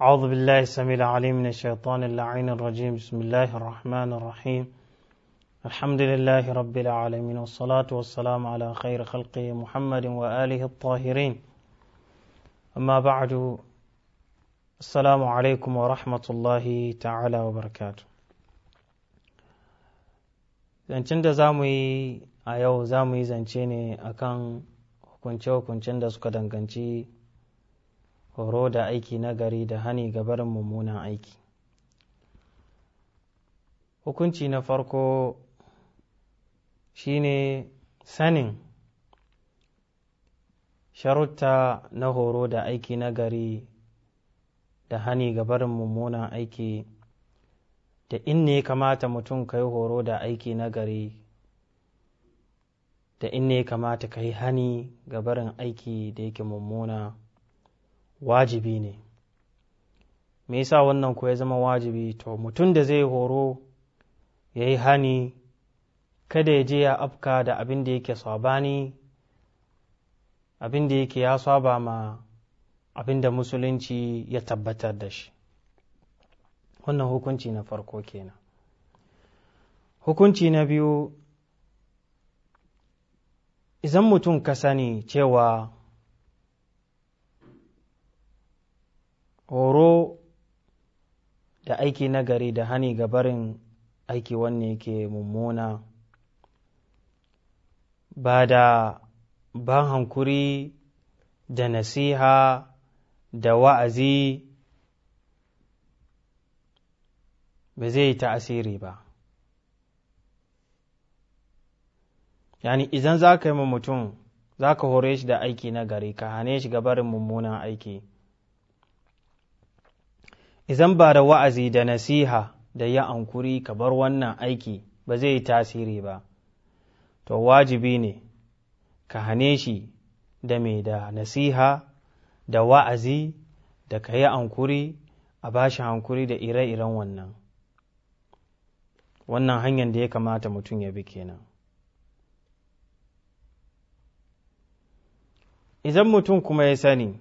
أعوذ بالله السميع العليم من الشيطان اللعين الرجيم بسم الله الرحمن الرحيم الحمد لله رب العالمين والصلاة والسلام على خير خلقه محمد وآله الطاهرين أما بعد السلام عليكم ورحمة الله تعالى وبركاته zancen da za mu yi a yau za mu yi zance ne akan hukunce-hukuncen da suka danganci horo da aiki nagari da hani ga barin mummunan aiki hukunci na farko shine sanin sharutta na horo da aiki nagari da hani ga barin mummunan aiki da in ne kamata mutum ka yi horo da aiki nagari da in ne kamata ka yi hani ga barin aiki da yake mummuna wajibi ne me yasa wannan ko ya zama wajibi to mutum da zai horo ya yi hani kada ya je ya afka da abin da yake sabani abin da yake ya saba ma abin da musulunci ya tabbatar da shi wannan hukunci na farko kenan hukunci na biyu izan mutum ka sani cewa horo da aiki na gari da hani ga barin aiki wanne ke mummuna ba da ban hankuri da nasiha da wa'azi ba zai yi ta asiri ba yani idan za ka yi mutum za ka hore shi da aiki na gari ka hane shi ga barin mummunan aiki Izan ba da wa'azi da nasiha da ya ankuri ka bar wannan aiki ba zai yi tasiri ba, to wajibi ne ka hane shi da mai da nasiha da wa'azi da ka yi ankuri a bashi hankuri da ire-iren wannan. Wannan hanyar da ya kamata mutum ya bi kenan. Izan mutum kuma ya sani.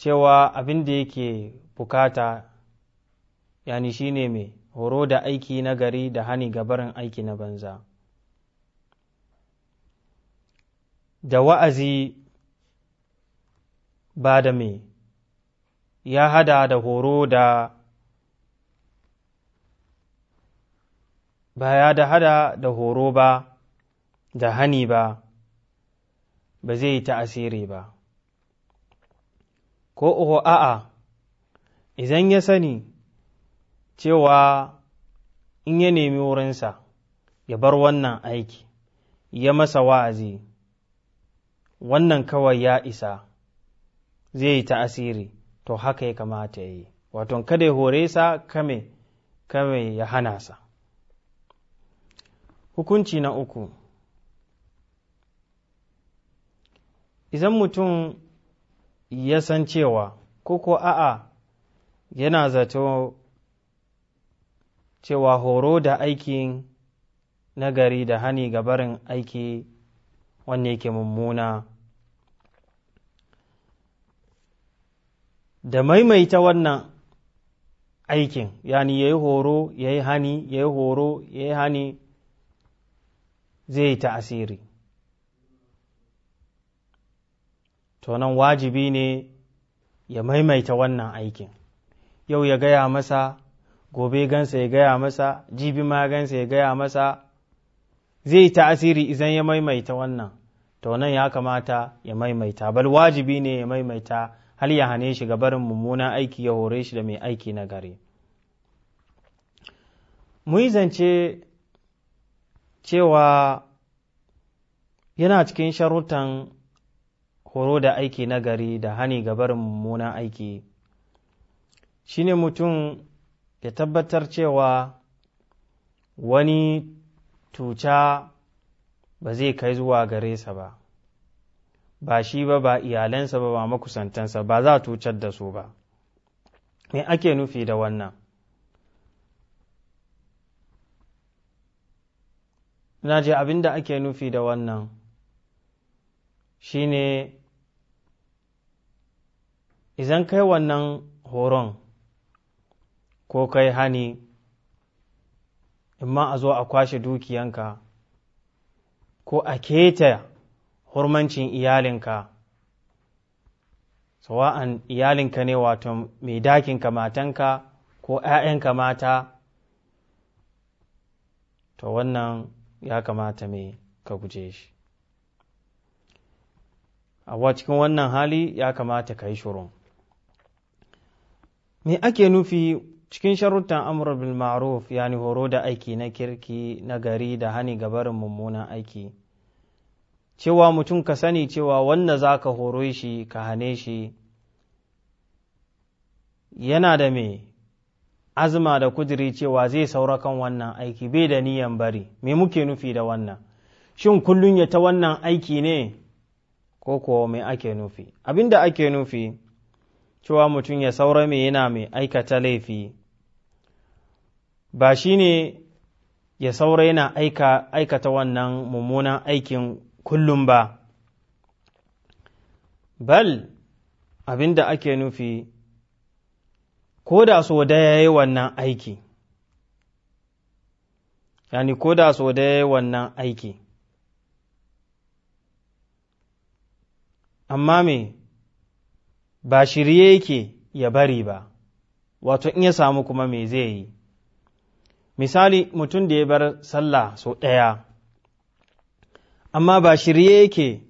cewa abin da yake bukata yani shi ne mai horo da aiki na gari da hani gabarin aiki na banza da wa'azi ba da mai ya hada da horo da ba ya da hada da horo ba da hani ba ba zai ta asiri ba ko uku a'a idan ya sani cewa in ya nemi wurinsa ya bar wannan aiki ya masa wa'azi wannan kawai ya isa zai yi ta'asiri to haka ya kamata ya yi wato kada ya hore sa kame kame ya hana sa hukunci na uku izan mutum ya san cewa ko a'a yana zato cewa horo da aikin nagari da hani ga barin aiki wanne yake mummuna da maimaita wannan aikin yani ya yi horo ya yi hani ya yi horo ya yi hani zai yi asiri. to nan wajibi ne ya maimaita wannan aikin yau ya gaya masa gobe gansa ya gaya masa jibi ma gansa ya gaya masa zai ta'asiri idan ya maimaita wannan to nan ya kamata ya maimaita bal wajibi ne ya maimaita hal ya hane shi ga barin mummunan aiki ya hore shi da mai aiki na gare mu yi zance cewa yana cikin sharutan horo da aiki nagari da hani ga barin mummunan aiki shine mutum ya tabbatar cewa wani tuca ba zai kai zuwa gare sa ba ba shi ba ba iyalansa ba ba makusantansa ba za a tucar da su ba me ake nufi da wannan na je abin da ake nufi da wannan shine Izan kai wannan horon ko kai hani in ma a zo a kwashe dukiyanka ko a keta hurmancin iyalinka sawa'an iyalinka ne wato mai dakinka matanka ko ‘ya'yanka mata to wannan ya kamata me ka guje shi a cikin wannan hali ya kamata ka yi shirun. me ake nufi cikin sharuttan amur bil ma'ruf yani horo da aiki na kirki na gari da hani ga barin mummunan aiki cewa mutum ka sani cewa wanda za ka horo shi ka hane shi yana da me azuma da kudiri cewa zai saura kan wannan aiki bai da niyan bari me muke nufi da wannan shin kullum ya ta wannan aiki ne ko kuwa me ake nufi abinda ake nufi cewa mutum ya saura mai yana mai aikata laifi ba shi ne ya saura yana aikata wannan mummunan aikin kullum ba bal abin da ake nufi ko da so da ya yi wannan aiki yani ko da so da ya yi wannan aiki amma me ba shirye yake ya bari ba wato in ya samu kuma me zai yi misali mutum da ya bar sallah sau ɗaya amma ba shirye yake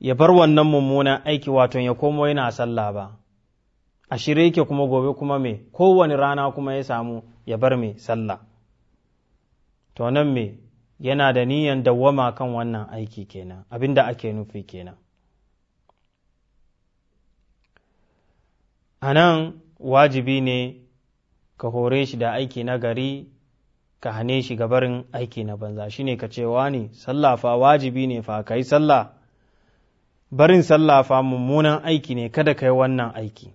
ya bar wannan mummunan aiki wato ya komo yana sallah ba a shirye yake kuma gobe kuma me kowane rana kuma ya samu ya bar me sallah to nan me yana da niyan dawwama kan wannan aiki kenan da ake nufi kenan a nan wajibi ne ka hore shi da aiki na gari ka hane shi gabarin aiki na banza shine ka cewa ne sallah wajibi ne fa ka yi sallah barin sallah fa mummunan aiki ne kada ka yi wannan aiki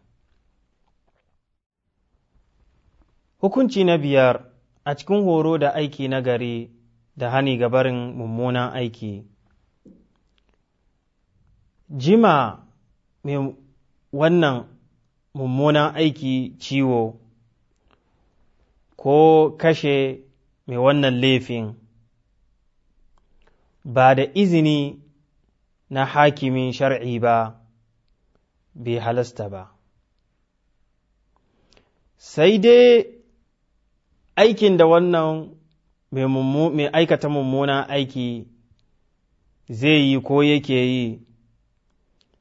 hukunci na biyar a cikin horo da aiki na gari da hani gabarin mummunan aiki jima mai wannan mummunan aiki ciwo ko kashe mai wannan laifin ba da izini na hakimin shar'i ba bai halasta ba sai dai aikin da wannan mai aikata mummunan aiki zai yi ko yake yi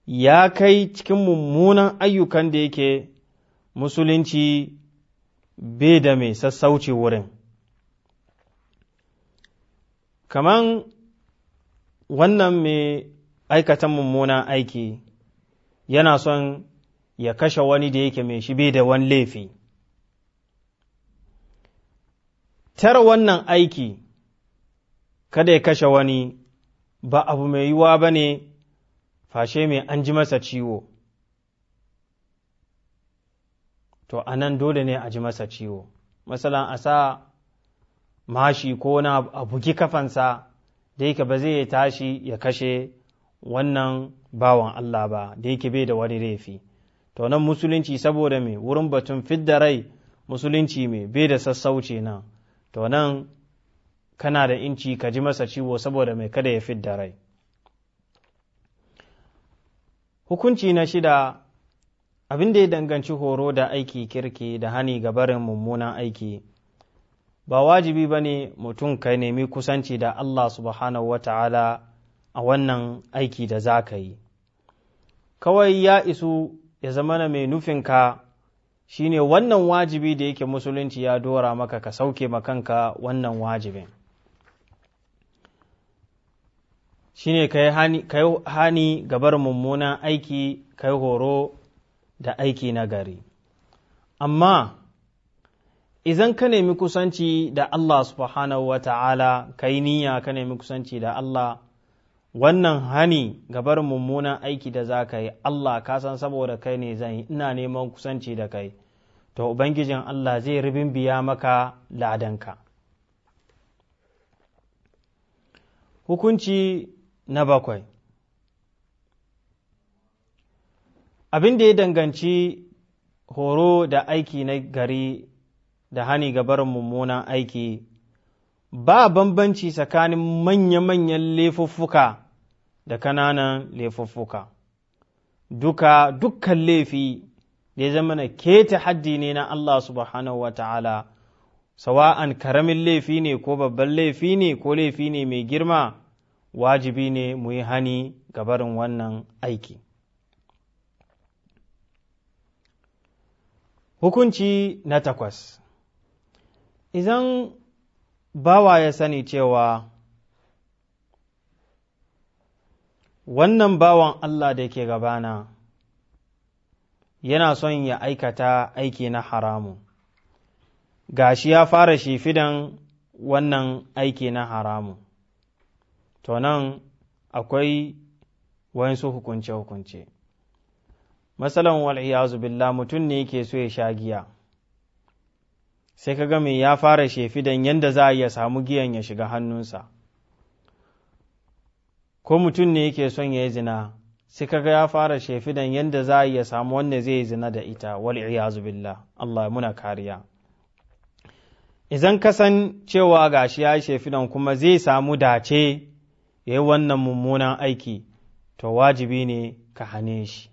ya kai cikin mummunan ayyukan da yake musulunci bai da mai sassauci wurin kaman wannan mai aikatan mummunan aiki yana son ya kashe wani da yake mai shi bai da wani laifi tara wannan aiki kada ya kashe wani ba abu mai yiwuwa ba ne fashe mai an ji masa ciwo to a nan dole ne a ji masa ciwo masalan a sa mashi ko na a bugi kafansa da yake ba zai tashi ya kashe wannan bawan Allah ba da yake bai da wani laifi to nan musulunci saboda me wurin batun fidda rai musulunci mai bai da sassauce nan to nan kana da inci ka ji masa ciwo saboda mai kada ya fidda rai Hukunci na shida abin da ya danganci horo da aiki kirki da hani ga barin mummunan aiki, ba wajibi ba ne mutum ka nemi kusanci da Allah subhanahu wa ta'ala a wannan aiki da za ka yi. Kawai ya isu ya zama na mai nufinka shi ne wannan wajibi da yake musulunci ya dora maka ka sauke makanka wannan wajibin. shine ka yi hani gabar mummunan aiki ka yi horo da aiki na gari amma idan ka nemi kusanci da Allah subhanahu wa ta'ala ka yi niyya ka nemi kusanci da Allah wannan hani gabar mummunan aiki da za ka yi Allah ka san saboda kai ne zan yi ina neman kusanci da kai to ubangijin Allah zai ribin biya maka ladanka hukunci na bakwai abin da ya danganci horo da aiki na gari da hani ga barin mummunan aiki ba bambanci tsakanin manya-manyan laifuffuka da kananan laifuffuka duka dukkan laifi da ya zama na keta haddi ne na Allah subhanahu wa ta'ala sawa'an karamin laifi ne ko babban laifi ne ko laifi ne mai girma wajibi ne mu yi hani ga barin wannan aiki hukunci na takwas idan bawa ya sani cewa wannan bawan Allah da ke gabana yana son ya aikata aiki na haramu gashi ya fara shi fidan wannan aiki na haramu to nan akwai wayansu hukunce-hukunce masalan wal'iyazu billah mutum ne yake so ya sha giya sai ka mai ya fara shefidan yadda za a iya samu giyan ya shiga hannunsa ko mutum ne yake son ya yi zina sai kaga ya fara shefidan yadda za a iya samu wanda zai yi zina da ita wal iyazu billah Allah muna kariya idan ka san cewa gashi ya yi shefidan kuma zai samu dace ya yi wannan mummunan aiki to wajibi ne ka hane shi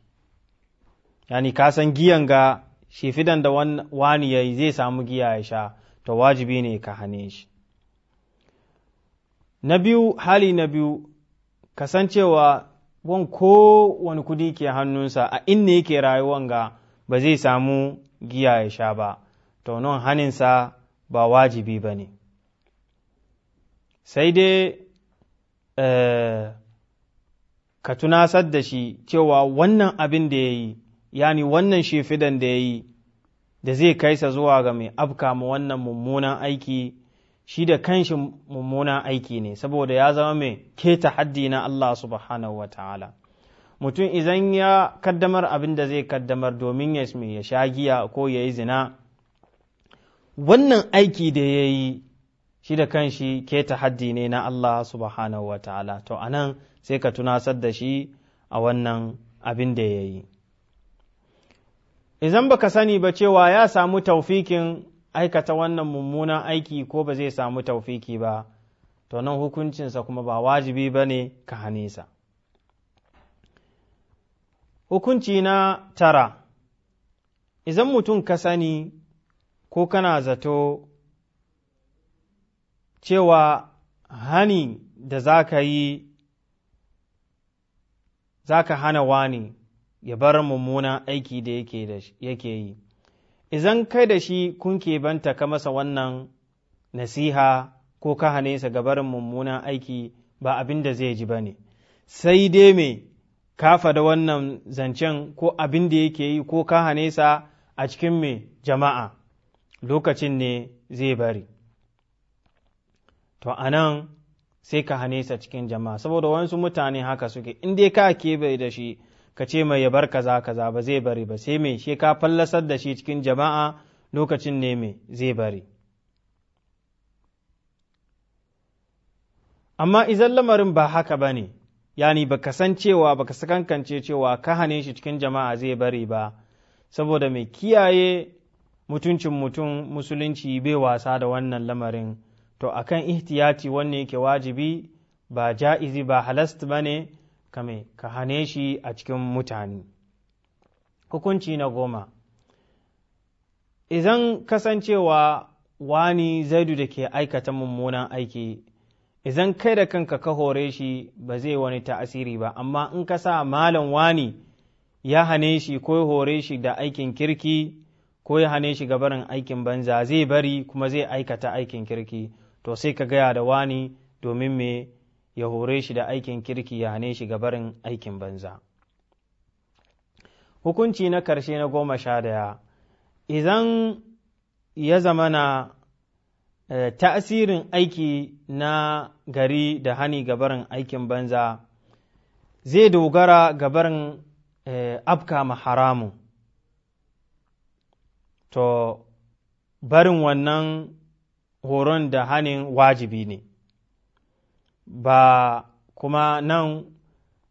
yani ka san giyan ga shefidan da wani ya zai samu giya ya sha to wajibi ne ka hane shi na biyu hali na biyu kasancewa wan ko wani kudi ke hannunsa a inda yake rayuwan ga ba zai samu giya ya sha ba to nan haninsa ba wajibi ba ne sai dai Eh, ka tunasar da shi cewa wannan abin da ya yi yani wannan shefidan da ya yi da zai kai sa zuwa ga mai afka ma wannan mummunan aiki shi da kanshi mummunan aiki ne saboda ya zama mai keta haddi na Allah subhanahu wa ta'ala mutum izan ya kaddamar abin da zai kaddamar domin ya ya sha giya ko ya yi zina wannan aiki da ya yi shi da kanshi keta haddi ne na Allah subhanahu wa ta'ala, to, a nan sai ka tunasar da shi a wannan abin da ya yi. Izan baka sani ba cewa ya samu taufikin aikata wannan mummunan aiki ko ba zai samu taufiki ba, to nan hukuncinsa kuma ba wajibi ba ne ka hanesa. Hukunci na tara, izan mutum ka sani ko kana zato cewa hani da za ka yi za ka hana wani ya bar mummunan aiki da yake yi idan kai da shi kun banta ka masa wannan nasiha ko ka hane sa ga barin mummunan aiki ba abin da zai ji ba ne sai dai me kafa da wannan zancen ko abin da yake yi ko ka hane sa a cikin me jama'a lokacin ne zai bari to a nan sai ka hanesa cikin jama'a saboda wasu mutane haka suke in dai ka keɓe da shi ka ce mai ya bar kaza kaza ba zai bari ba sai mai shi ka fallasar da shi cikin jama'a lokacin ne mai zai bari amma izan lamarin ba haka ba ne yani ba ka san cewa ba ka sakankance cewa ka hane shi cikin jama'a zai bari ba saboda mai kiyaye mutuncin mutum musulunci bai wasa da wannan lamarin to a akan ihtiyati wanne yake wajibi ba ja'izi ba halast ba ne kame ka hane shi a cikin mutane hukunci na goma idan kasancewa wani zaidu da ke aikata mummunan aiki idan kai da kanka ka hore shi ba zai wani ta'asiri ba amma in ka sa malam wani ya hane shi ko ya hore shi da aikin kirki ko ya hane shi gabarin aikin banza zai bari kuma zai aikata aikin kirki to sai ka gaya da wani domin me ya hore shi da aikin kirki ya hane shi gabarin aikin banza hukunci na karshe na goma sha daya idan ya zama na eh, tasirin aiki na gari da hani gabarin aikin banza zai dogara gabarin eh, afka maharamu, to barin wannan horon da hanin wajibi ne ba kuma nan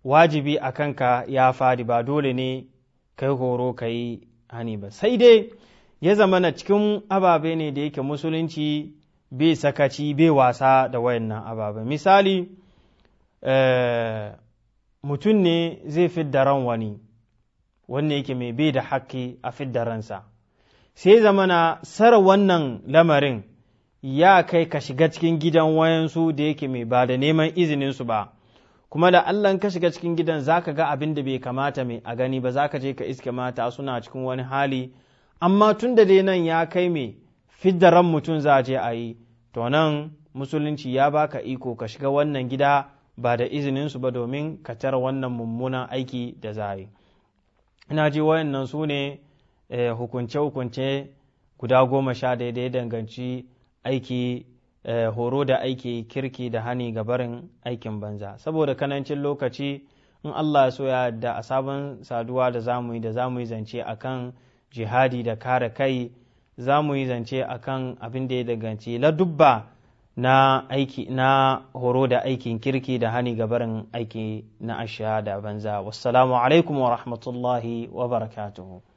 wajibi a kanka ya fadi ba dole ne kai horo ka yi hani ba sai dai ya zama na cikin ababe ne da yake musulunci bai sakaci bai wasa da wayannan ababe misali eh, mutum ne zai fidda ran wani wanne yake mai bai da haƙƙi a fidda ransa sai na sara wannan lamarin ya kai ka shiga cikin gidan wayansu da yake mai ba da neman su ba kuma da allah ka shiga cikin gidan za ka ga abin da bai kamata mai a gani ba za ka je ka iske mata suna cikin wani hali amma tun da dai nan ya kai mai fidda mutum za je a yi to nan musulunci ya baka iko ka shiga wannan gida ba da su ba domin ka tara wannan mummunan aiki da za ina ji wayannan su ne eh, hukunce-hukunce guda goma sha daidai danganci aiki eh, horo da aiki kirki da hani ga aikin banza saboda kanancin lokaci in Allah ya soya da a sabon saduwa da zamu yi da zamu yi zance akan jihadi da kare kai zamu yi zance akan abin da ya danganci ladubba na aiki na horo da aikin kirki da hani gabarin aiki na ashiya da banza wassalamu alaikum wa rahmatullahi wa barakatuhu